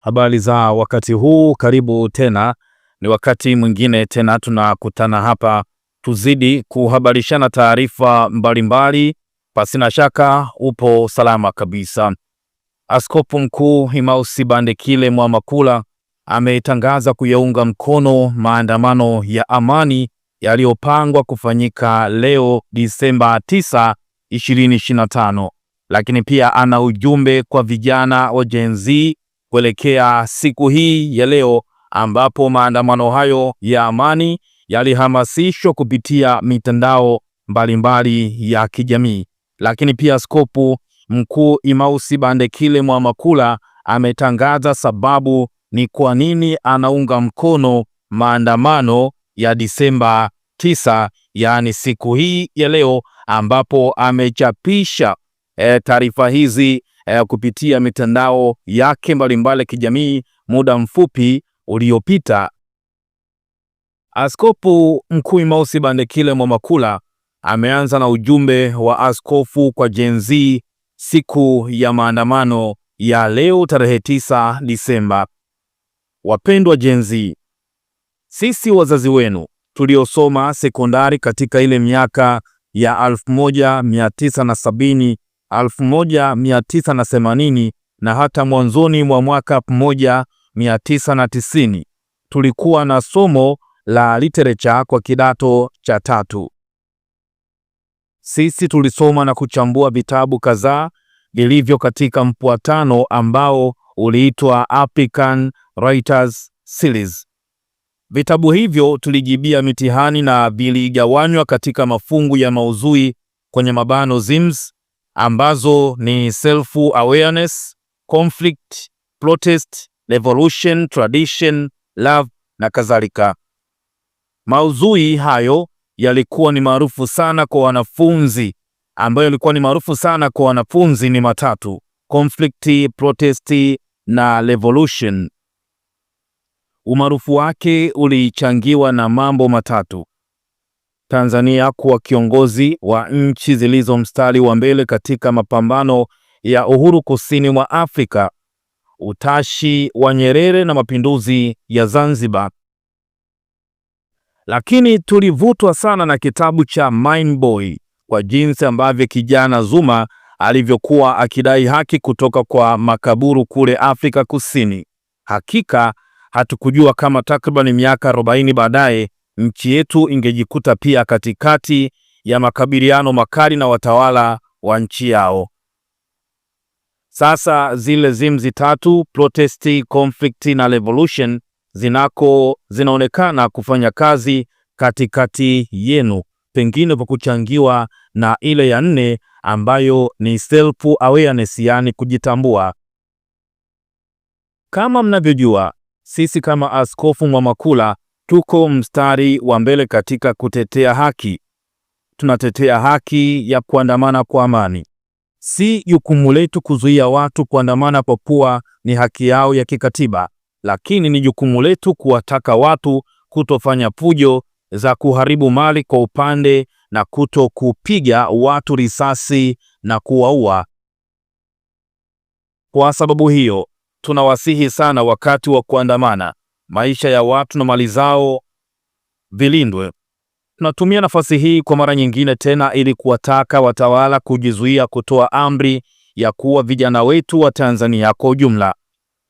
Habari za wakati huu, karibu tena, ni wakati mwingine tena tunakutana hapa tuzidi kuhabarishana taarifa mbalimbali. Pasina shaka upo salama kabisa. Askofu Mkuu Himausi Bandekile Mwamakula ametangaza kuyaunga mkono maandamano ya amani yaliyopangwa kufanyika leo Disemba 9, 2025, lakini pia ana ujumbe kwa vijana wa Gen Z kuelekea siku hii ya leo ambapo maandamano hayo ya amani yalihamasishwa kupitia mitandao mbalimbali mbali ya kijamii. Lakini pia Askofu Mkuu imausi Bandekile Mwamakula ametangaza sababu ni kwa nini anaunga mkono maandamano ya Disemba 9 yaani siku hii ya leo ambapo amechapisha e, taarifa hizi eh, kupitia mitandao yake mbalimbali ya kijamii muda mfupi uliopita. Askofu Mkuu Emmaus Bandekile Mwamakula ameanza na ujumbe wa askofu kwa Gen Z siku ya maandamano ya leo tarehe 9 Disemba. Wapendwa Gen Z, sisi wazazi wenu tuliosoma sekondari katika ile miaka ya 1970 1980 na hata mwanzoni mwa mwaka 1990 tulikuwa na somo la literature kwa kidato cha tatu. Sisi tulisoma na kuchambua vitabu kadhaa vilivyo katika mfuatano ambao uliitwa African Writers Series. Vitabu hivyo tulijibia mitihani na viligawanywa katika mafungu ya mauzui kwenye mabano ZIMS ambazo ni self awareness, conflict, protest, revolution, tradition, love na kadhalika. Maudhui hayo yalikuwa ni maarufu sana kwa wanafunzi, ambayo yalikuwa ni maarufu sana kwa wanafunzi ni matatu: conflict, protest na revolution. Umaarufu wake ulichangiwa na mambo matatu. Tanzania kuwa kiongozi wa nchi zilizo mstari wa mbele katika mapambano ya uhuru kusini mwa Afrika, utashi wa Nyerere na mapinduzi ya Zanzibar. Lakini tulivutwa sana na kitabu cha Mine Boy kwa jinsi ambavyo kijana Zuma alivyokuwa akidai haki kutoka kwa makaburu kule Afrika Kusini. Hakika hatukujua kama takribani miaka 40 baadaye nchi yetu ingejikuta pia katikati ya makabiliano makali na watawala wa nchi yao. Sasa zile zimzi tatu, protest, conflict na revolution, zinako zinaonekana kufanya kazi katikati yenu, pengine kwa kuchangiwa na ile ya nne ambayo ni self awareness, yani kujitambua. Kama mnavyojua, sisi kama Askofu Mwamakula tuko mstari wa mbele katika kutetea haki. Tunatetea haki ya kuandamana kwa amani. Si jukumu letu kuzuia watu kuandamana kwa kuwa ni haki yao ya kikatiba, lakini ni jukumu letu kuwataka watu kutofanya fujo za kuharibu mali kwa upande na kuto kupiga watu risasi na kuwaua. Kwa sababu hiyo, tunawasihi sana wakati wa kuandamana maisha ya watu na mali zao vilindwe. Tunatumia nafasi hii kwa mara nyingine tena ili kuwataka watawala kujizuia kutoa amri ya kuwa vijana wetu wa Tanzania kwa ujumla.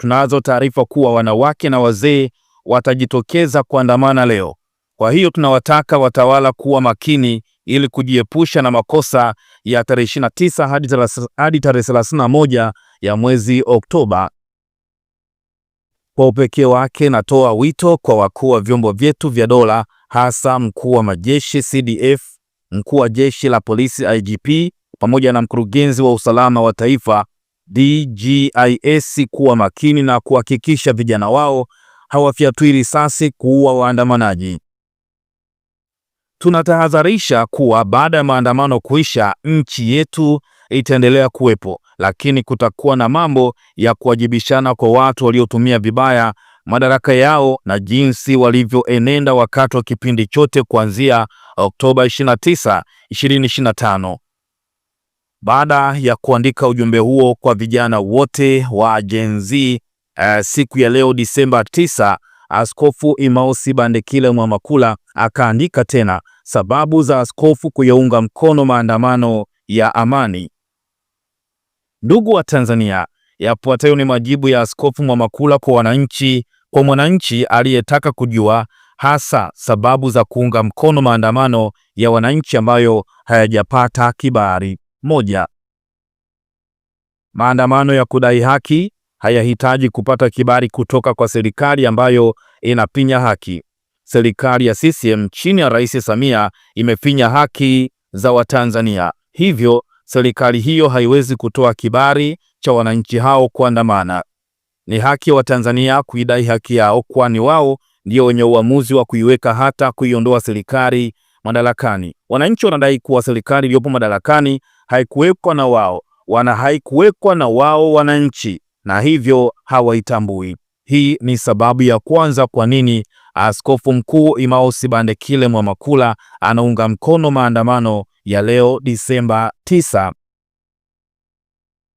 Tunazo taarifa kuwa wanawake na wazee watajitokeza kuandamana leo. Kwa hiyo tunawataka watawala kuwa makini ili kujiepusha na makosa ya tarehe 29 hadi tarehe 31 ya mwezi Oktoba. Kwa upekee wake, natoa wito kwa wakuu wa vyombo vyetu vya dola, hasa mkuu wa majeshi CDF, mkuu wa jeshi la polisi IGP, pamoja na mkurugenzi wa usalama wa taifa DGIS kuwa makini na kuhakikisha vijana wao hawafyatui risasi kuua waandamanaji. Tunatahadharisha kuwa baada ya maandamano kuisha, nchi yetu itaendelea kuwepo lakini kutakuwa na mambo ya kuwajibishana kwa watu waliotumia vibaya madaraka yao na jinsi walivyoenenda wakati wa kipindi chote kuanzia Oktoba 29, 2025. Baada ya kuandika ujumbe huo kwa vijana wote wa Gen Z eh, siku ya leo Disemba 9, Askofu Imausi Bandekile Mwamakula akaandika tena sababu za askofu kuyaunga mkono maandamano ya amani. Ndugu wa Tanzania, yafuatayo ni majibu ya Askofu Mwamakula kwa wananchi, kwa mwananchi aliyetaka kujua hasa sababu za kuunga mkono maandamano ya wananchi ambayo hayajapata kibali. Moja, maandamano ya kudai haki hayahitaji kupata kibali kutoka kwa serikali ambayo inapinya haki. Serikali ya CCM chini ya Rais Samia imepinya haki za Watanzania, hivyo serikali hiyo haiwezi kutoa kibali cha wananchi hao kuandamana. Ni haki ya Watanzania kuidai haki yao, kwani wao ndio wenye uamuzi wa kuiweka hata kuiondoa serikali madarakani. Wananchi wanadai kuwa serikali iliyopo madarakani haikuwekwa na wao wana haikuwekwa na wao wananchi, na hivyo hawaitambui. Hii ni sababu ya kwanza kwa nini Askofu Mkuu imaosi Bandekile Mwamakula anaunga mkono maandamano ya leo Disemba 9.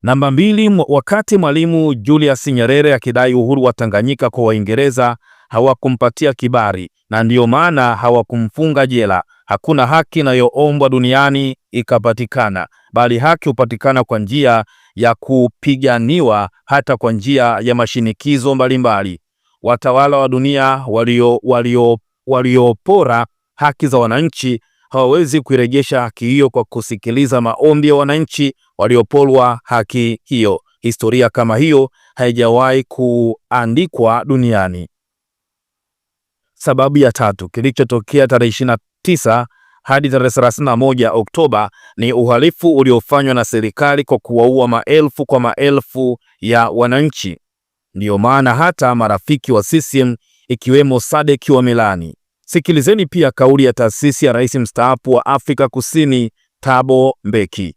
Namba mbili, wakati Mwalimu Julius Nyerere akidai uhuru wa Tanganyika kwa Waingereza hawakumpatia kibali na ndiyo maana hawakumfunga jela. Hakuna haki inayoombwa duniani ikapatikana, bali haki hupatikana kwa njia ya kupiganiwa, hata kwa njia ya mashinikizo mbalimbali. Watawala wa dunia waliopora walio, waliopora haki za wananchi hawawezi kuirejesha haki hiyo kwa kusikiliza maombi ya wananchi waliopolwa haki hiyo. Historia kama hiyo haijawahi kuandikwa duniani. Sababu ya tatu, kilichotokea tarehe 29 hadi tarehe 31 Oktoba ni uhalifu uliofanywa na serikali kwa kuwaua maelfu kwa maelfu ya wananchi. Ndiyo maana hata marafiki wa CCM ikiwemo Sadeki wa Milani Sikilizeni pia kauli ya taasisi ya rais mstaafu wa Afrika Kusini Thabo Mbeki.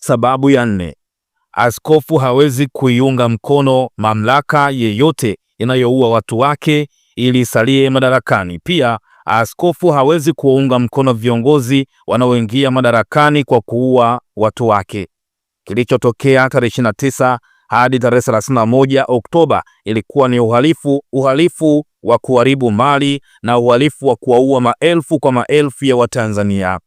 Sababu ya nne, askofu hawezi kuiunga mkono mamlaka yeyote inayoua watu wake ili isalie madarakani. Pia askofu hawezi kuwaunga mkono viongozi wanaoingia madarakani kwa kuua watu wake. Kilichotokea tarehe 29 hadi tarehe 31 Oktoba ilikuwa ni uhalifu, uhalifu wa kuharibu mali na uhalifu wa kuwaua maelfu kwa maelfu ya Watanzania.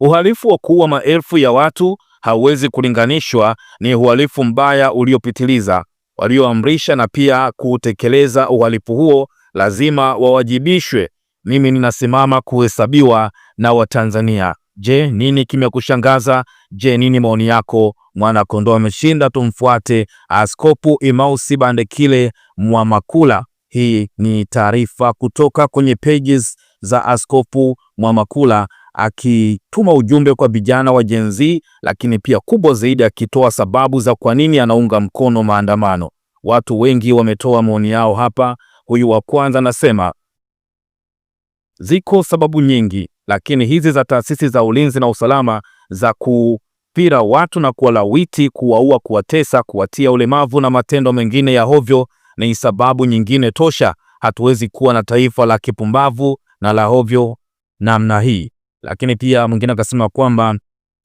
Uhalifu wa kuua maelfu ya watu hauwezi kulinganishwa, ni uhalifu mbaya uliopitiliza. Walioamrisha na pia kutekeleza uhalifu huo lazima wawajibishwe. Mimi ninasimama kuhesabiwa na Watanzania. Je, nini kimekushangaza? Je, nini maoni yako? Mwana kondoo ameshinda, tumfuate Askofu Emmaus Bandekile Mwamakula. Hii ni taarifa kutoka kwenye pages za Askofu Mwamakula akituma ujumbe kwa vijana wa Gen Z, lakini pia kubwa zaidi akitoa sababu za kwa nini anaunga mkono maandamano. Watu wengi wametoa maoni yao hapa. Huyu wa kwanza anasema ziko sababu nyingi lakini hizi za taasisi za ulinzi na usalama za kupira watu na kuwalawiti, kuwaua, kuwatesa, kuwatia ulemavu na matendo mengine ya hovyo ni sababu nyingine tosha. Hatuwezi kuwa na taifa la kipumbavu na la hovyo namna hii. Lakini pia mwingine akasema kwamba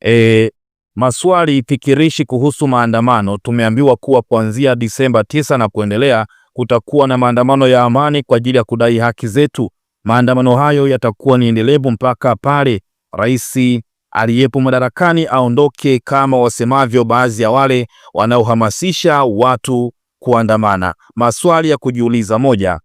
e, maswali fikirishi kuhusu maandamano. Tumeambiwa kuwa kuanzia Disemba 9 na kuendelea kutakuwa na maandamano ya amani kwa ajili ya kudai haki zetu. Maandamano hayo yatakuwa ni endelevu mpaka pale rais aliyepo madarakani aondoke, kama wasemavyo baadhi ya wale wanaohamasisha watu kuandamana. Maswali ya kujiuliza: moja,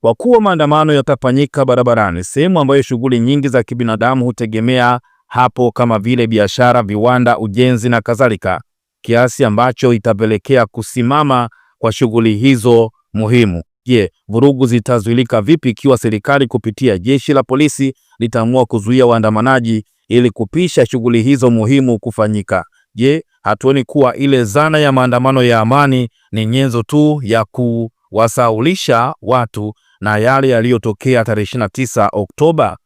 kwa kuwa maandamano yatafanyika barabarani, sehemu ambayo shughuli nyingi za kibinadamu hutegemea hapo, kama vile biashara, viwanda, ujenzi na kadhalika, kiasi ambacho itapelekea kusimama kwa shughuli hizo muhimu. Je, vurugu zitazuilika vipi ikiwa serikali kupitia jeshi la polisi litaamua kuzuia waandamanaji ili kupisha shughuli hizo muhimu kufanyika? Je, hatuoni kuwa ile zana ya maandamano ya amani ni nyenzo tu ya kuwasaulisha watu na yale yaliyotokea tarehe 29 Oktoba?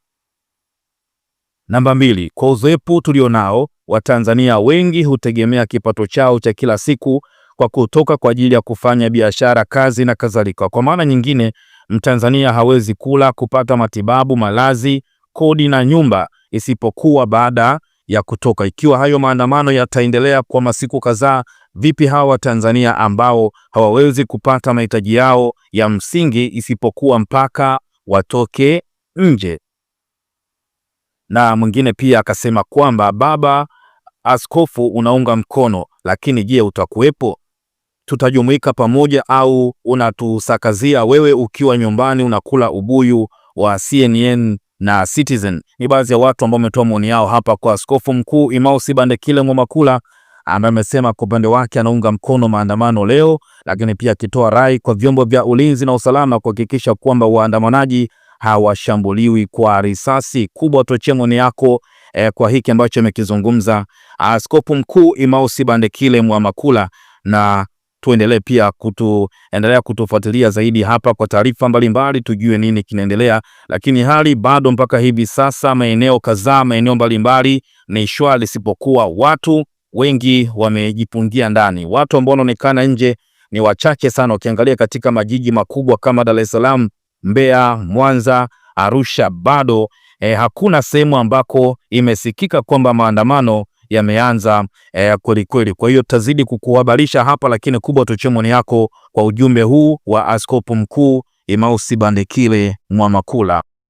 Namba mbili, kwa uzoefu tulionao, Watanzania wengi hutegemea kipato chao cha kila siku kwa kutoka kwa ajili ya kufanya biashara, kazi na kadhalika. Kwa maana nyingine, Mtanzania hawezi kula, kupata matibabu, malazi, kodi na nyumba isipokuwa baada ya kutoka. Ikiwa hayo maandamano yataendelea kwa masiku kadhaa, vipi hawa Watanzania ambao hawawezi kupata mahitaji yao ya msingi isipokuwa mpaka watoke nje? Na mwingine pia akasema kwamba baba askofu, unaunga mkono lakini je, utakuwepo? tutajumuika pamoja, au unatusakazia wewe ukiwa nyumbani unakula ubuyu wa CNN na Citizen. Ni baadhi ya watu ambao wametoa maoni yao hapa kwa Askofu Mkuu Emmaus Bandekile Ng'wamakula ambaye amesema kwa upande wake anaunga mkono maandamano leo, lakini pia akitoa rai kwa vyombo vya ulinzi na usalama kuhakikisha kwamba waandamanaji hawashambuliwi kwa risasi kubwa. Tuachie maoni yako eh, kwa hiki ambacho amekizungumza Askofu Mkuu Emmaus Bandekile Ng'wamakula na tuendelee pia kutuendelea kutufuatilia zaidi hapa kwa taarifa mbalimbali, tujue nini kinaendelea. Lakini hali bado mpaka hivi sasa, maeneo kadhaa, maeneo mbalimbali ni shwari, isipokuwa watu wengi wamejipungia ndani. Watu ambao wanaonekana nje ni wachache sana. Ukiangalia katika majiji makubwa kama Dar es Salaam, Mbeya, Mwanza, Arusha, bado eh, hakuna sehemu ambako imesikika kwamba maandamano yameanza eh, kweli kweli. Kwa hiyo tutazidi kukuhabarisha hapa, lakini kubwa tuchemoni yako kwa ujumbe huu wa Askofu Mkuu Emmaus Bandekile Mwamakula.